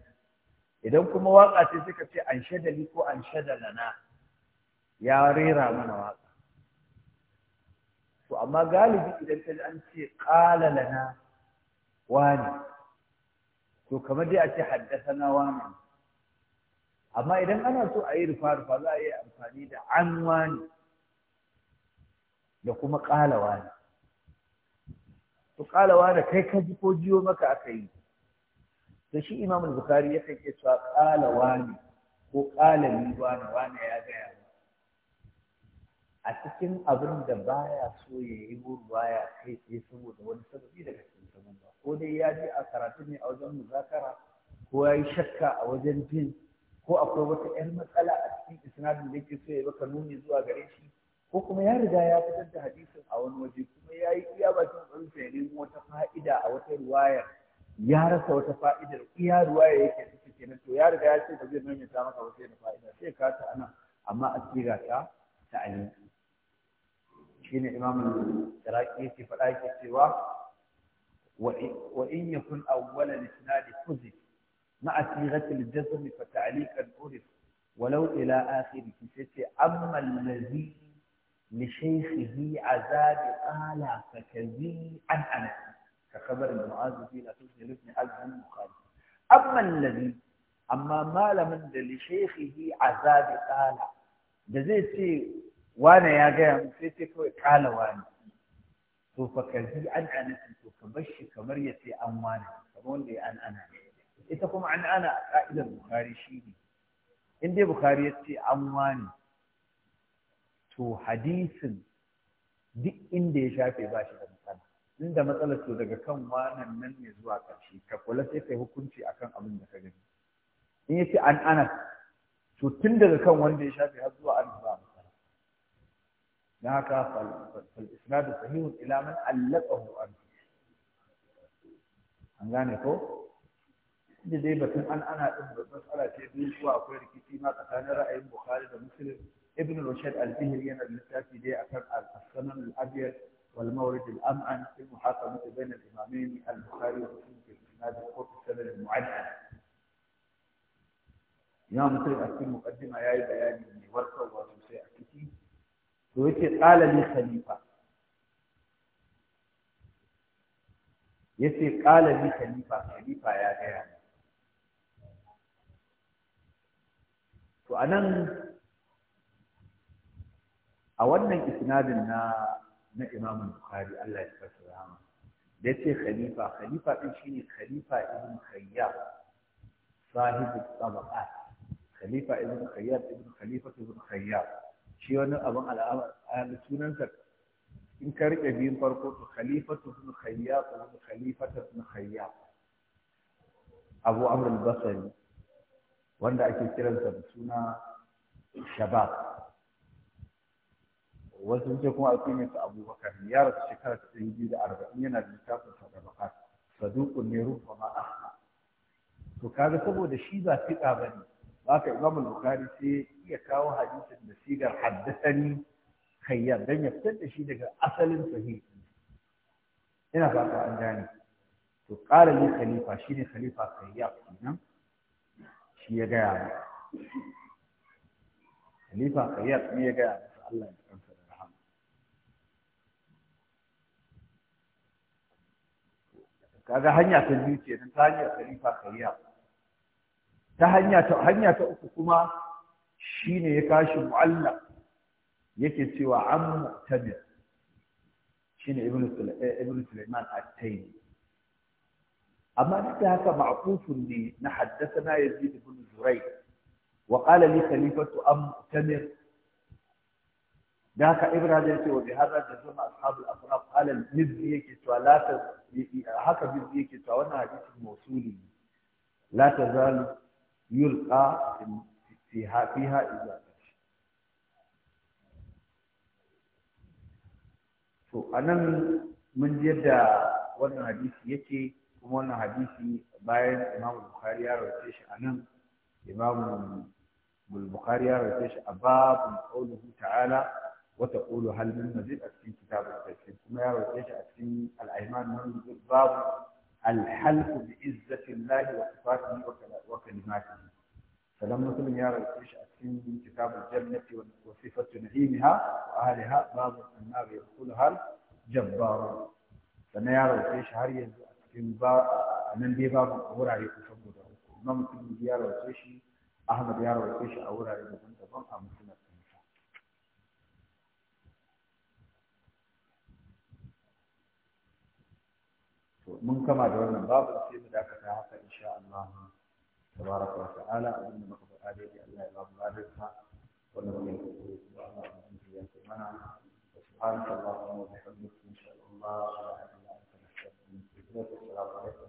idan kuma waka ce suka ce an shada ko an lana ya rera mana waka to amma galibi idan ta an ce qala lana wani to kamar dai a ce haddasana wani amma idan ana so a yi rufa rufa za a yi amfani da an wani da kuma ƙala wani to ƙala wani kai ka ji ko jiyo maka aka yi to shi imam bukhari yakan ce cewa ƙala wani ko ƙala ni wani wani ya gaya a cikin abin da baya so ya yi baya kai tsaye saboda wani sababi daga cikin sabon ba ko dai ya je a karatu ne a wajen muzakara ko ya yi shakka a wajen jin ko akwai wata 'yar matsala a cikin isnadin da yake so ya baka nuni zuwa gare shi ko kuma ya riga ya fitar da hadisin a wani waje kuma ya yi iya bakin tsarinsa ya wata fa'ida a wata ruwayar ya rasa wata fa'idar iya ruwaya yake ciki kenan to ya riga ya ce ba zai ta maka wata fa'ida sai ka ta anan amma a tsira ta ta'alimi shine imam al-iraqi yake faɗa yake cewa wa in yakun awwala al kuzi? fuzif ma'a sighati al-jazm fa ta'liqan urif walau ila akhirih sai amma allazi li shaykhihi azab qala fa kadhi an anas ka khabar mu'az fi al-asl ibn hazm al-bukhari amma allazi amma malamin da li shaykhihi azab qala da zai ce wane ya gaya mu sai ce kawai kala wane to fa ka ji an ana to ka bar shi kamar ya ce an wane kamar wanda ya an ana ita kuma an ana a ka'idar bukari shi ne in dai bukari ya ce an wane to hadisin duk inda ya shafe ba shi da matsala inda matsala to daga kan wanan nan ne zuwa ƙarshe ka kula sai kai hukunci akan abin da ka gani in ya ce an ana to tun daga kan wanda ya shafe har zuwa an ba هناك فالاسناد الاسناد الى من علقه انس انغاني كو دي بتن ان انا مساله تبي شو اكو ركيتي ما كان راي البخاري ومسلم ابن رشد الفهري انا بنتاكي دي اثر السنن الابيض والمورد الامعن في المحاكمة بين الامامين البخاري ومسلم في الاسناد القرطي السنن المعدل يا مسلم اكتب مقدمه يا بياني ورقه وتمسيح to yace qala li khalifa yace qala li khalifa khalifa ya gaya to anan a wannan isnadin na na Imam Bukhari Allah ya fasa rahama da yace khalifa khalifa din shine khalifa ibn Khayyab صاحب الطبقات خليفة ابن خياب ابن خليفة ابن خياب shi wani abin al'amar a sunansa in ka riƙe biyun farko to khalifatu ibn khayyab ibn khalifatu ibn khayyab abu amr al wanda ake kiransa da suna shabab wasu ce kuma akwai ne su abubakar ya rasu shekara ta ɗari biyu da arba'in yana da littafin sadaka saduƙun ne rufa ma'a to kaga saboda shi ba fiƙa ba ne ذاك الإمام البخاري في كاو حديث النسيجر حدثني خيار دم يفتد شيء ده أصل صحيح هنا ذاك عندي فقال لي خليفة شيني خليفة خيار فينا شيء جاي خليفة خيار مية جاي الله يكرمك الرحمة كذا هني أتنيتي أنت هني خليفة خيار ta hanya ta uku kuma shi ne ya kashi mu'allaq yake cewa an mu'tadir shine ibnu eh, ibnu sulaiman at-taymi amma duk da haka ma'qufun ne na haddasa haddathana yazid ibn zurayh wa qala li khalifatu am mu'tamir da haka ibrahim ya ce wa bi hadha jazama ashabul afraf qala al-mizzi yake cewa la ta haka mizzi yake cewa wannan hadisin mawsuli la tazalu يلقى فيها فيها إضافة فأنا من جدة وانا حديث يتي كما وانا حديث باين إمام البخاري رويتش أنا إمام البخاري رويتش أباب قوله تعالى وتقول هل من مزيد أكسين كتاب التسليم كما رويتش أكسين الأيمان من الباب الحلف بعزة الله وصفاته وكلماته فلما مسلم يرى ايش في كتاب الجنة وصفة نعيمها وأهلها باب النار يدخلها الجبار فأنا يرى ايش هاي يزعم من بي باب أورا يتفقد إمام يا يرى ايش أحمد يرى ايش أورع يتفقد mun kama da wannan babu sai mu dakata haka insha Allah tabaraka wa ta'ala abin da muka faɗa dai Allah ya bamu ladarsa wanda muke kuskure Allah ya mutunta ya mana subhanaka allahumma wa bihamdika insha Allah la ilaha illa anta nastaghfiruka wa natubu ilayk